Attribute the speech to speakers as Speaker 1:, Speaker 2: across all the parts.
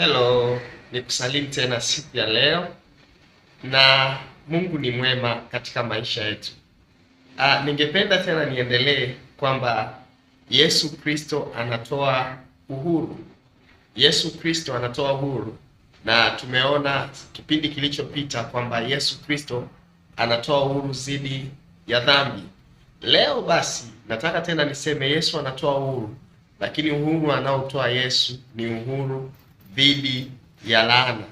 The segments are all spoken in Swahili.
Speaker 1: Hello, kusalim tena siku ya leo, na Mungu ni mwema katika maisha yetu. Ah, ningependa tena niendelee kwamba Yesu Kristo anatoa uhuru. Yesu Kristo anatoa uhuru, na tumeona kipindi kilichopita kwamba Yesu Kristo anatoa uhuru dhidi ya dhambi. Leo basi nataka tena niseme Yesu anatoa uhuru, lakini uhuru anaotoa Yesu ni uhuru dhidi ya laana.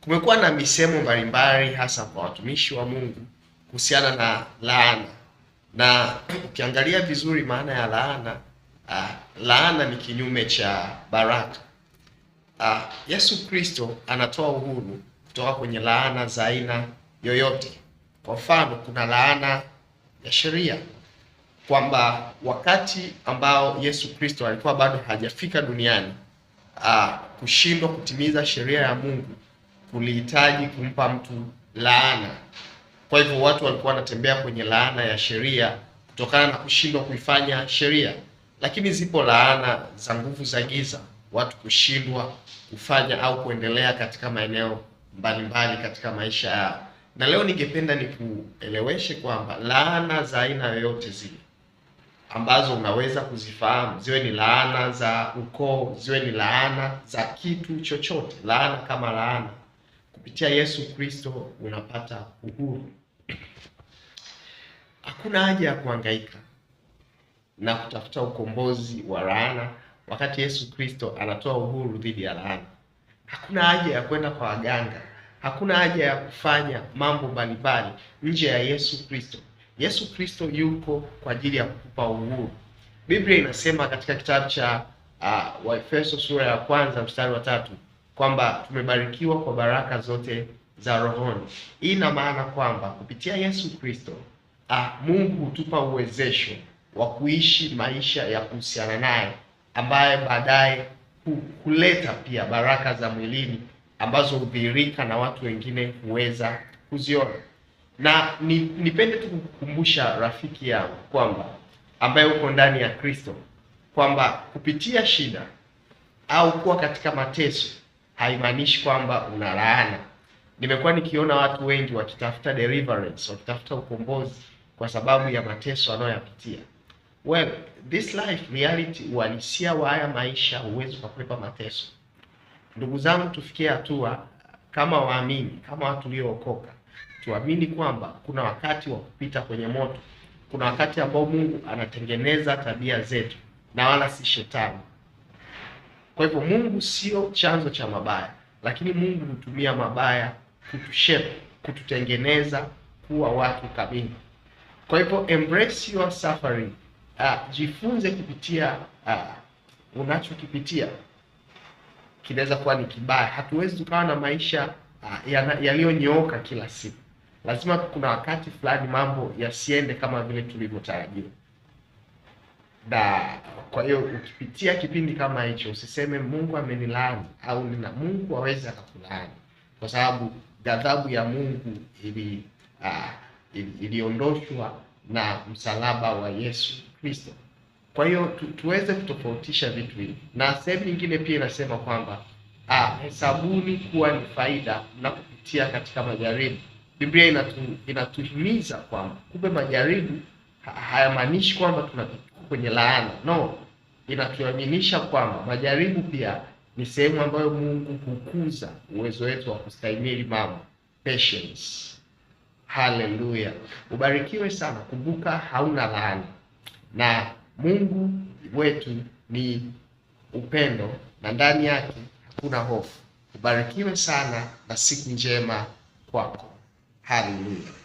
Speaker 1: Kumekuwa na misemo mbalimbali hasa kwa watumishi wa Mungu kuhusiana na laana, na ukiangalia vizuri maana ya laana uh, laana ni kinyume cha baraka. Uh, Yesu Kristo anatoa uhuru kutoka kwenye laana za aina yoyote. Kwa mfano, kuna laana ya sheria kwamba wakati ambao Yesu Kristo alikuwa bado hajafika duniani uh, kushindwa kutimiza sheria ya Mungu kulihitaji kumpa mtu laana. Kwa hivyo watu walikuwa wanatembea kwenye laana ya sheria kutokana na kushindwa kuifanya sheria, lakini zipo laana za nguvu za giza, watu kushindwa kufanya au kuendelea katika maeneo mbalimbali katika maisha yao. Na leo ningependa nikueleweshe kwamba laana za aina yoyote zile ambazo unaweza kuzifahamu, ziwe ni laana za ukoo, ziwe ni laana za kitu chochote, laana kama laana. Kupitia Yesu Kristo unapata uhuru. Hakuna haja ya kuhangaika na kutafuta ukombozi wa laana, wakati Yesu Kristo anatoa uhuru dhidi ya laana. Hakuna haja ya kwenda kwa waganga, hakuna haja ya kufanya mambo mbalimbali nje ya Yesu Kristo. Yesu Kristo yuko kwa ajili ya kukupa uhuru. Biblia inasema katika kitabu cha uh, ah, Waefeso sura ya kwanza mstari wa tatu kwamba tumebarikiwa kwa baraka zote za rohoni. Hii ina maana kwamba kupitia Yesu Kristo uh, Mungu hutupa uwezesho wa kuishi maisha ya kuhusiana naye ambaye baadaye huleta pia baraka za mwilini ambazo hudhihirika na watu wengine huweza kuziona na ni, nipende tu kukumbusha rafiki yangu kwamba ambaye uko ndani ya Kristo kwamba kupitia shida au kuwa katika mateso haimaanishi kwamba una laana. Nimekuwa nikiona watu wengi wakitafuta deliverance, wakitafuta ukombozi kwa sababu ya mateso wanayoyapitia. Well, this life reality, uhalisia wa haya maisha, huwezi ukakwepa mateso. Ndugu zangu, tufikie hatua kama waamini, kama watu uliookoka tuamini kwamba kuna wakati wa kupita kwenye moto, kuna wakati ambao Mungu anatengeneza tabia zetu na wala si shetani. Kwa hivyo Mungu sio chanzo cha mabaya, lakini Mungu hutumia mabaya kutushape, kututengeneza kuwa watu kamili. Kwa hivyo embrace your suffering. Uh, jifunze kupitia uh, unachokipitia kinaweza kuwa ni kibaya. Hatuwezi tukawa na maisha uh, yaliyonyooka kila siku lazima kuna wakati fulani mambo yasiende kama vile tulivyotarajia, na kwa hiyo ukipitia kipindi kama hicho usiseme Mungu amenilaani au nina Mungu aweze akakulaani, kwa sababu ghadhabu ya Mungu ili uh, iliondoshwa na msalaba wa Yesu Kristo. Kwa hiyo tu, tuweze kutofautisha vitu hivi, na sehemu nyingine pia inasema kwamba ah, hesabuni kuwa ni faida mnapopitia katika majaribu Biblia inatu, inatuhimiza kwamba kumbe majaribu hayamaanishi kwamba tunatoka kwenye laana, no, inatuaminisha kwamba majaribu pia ni sehemu ambayo Mungu hukuza uwezo wetu wa kustahimili mambo, patience. Haleluya, ubarikiwe sana. Kumbuka hauna laana na Mungu wetu ni upendo na ndani yake hakuna hofu. Ubarikiwe sana na siku njema kwako. Hallelujah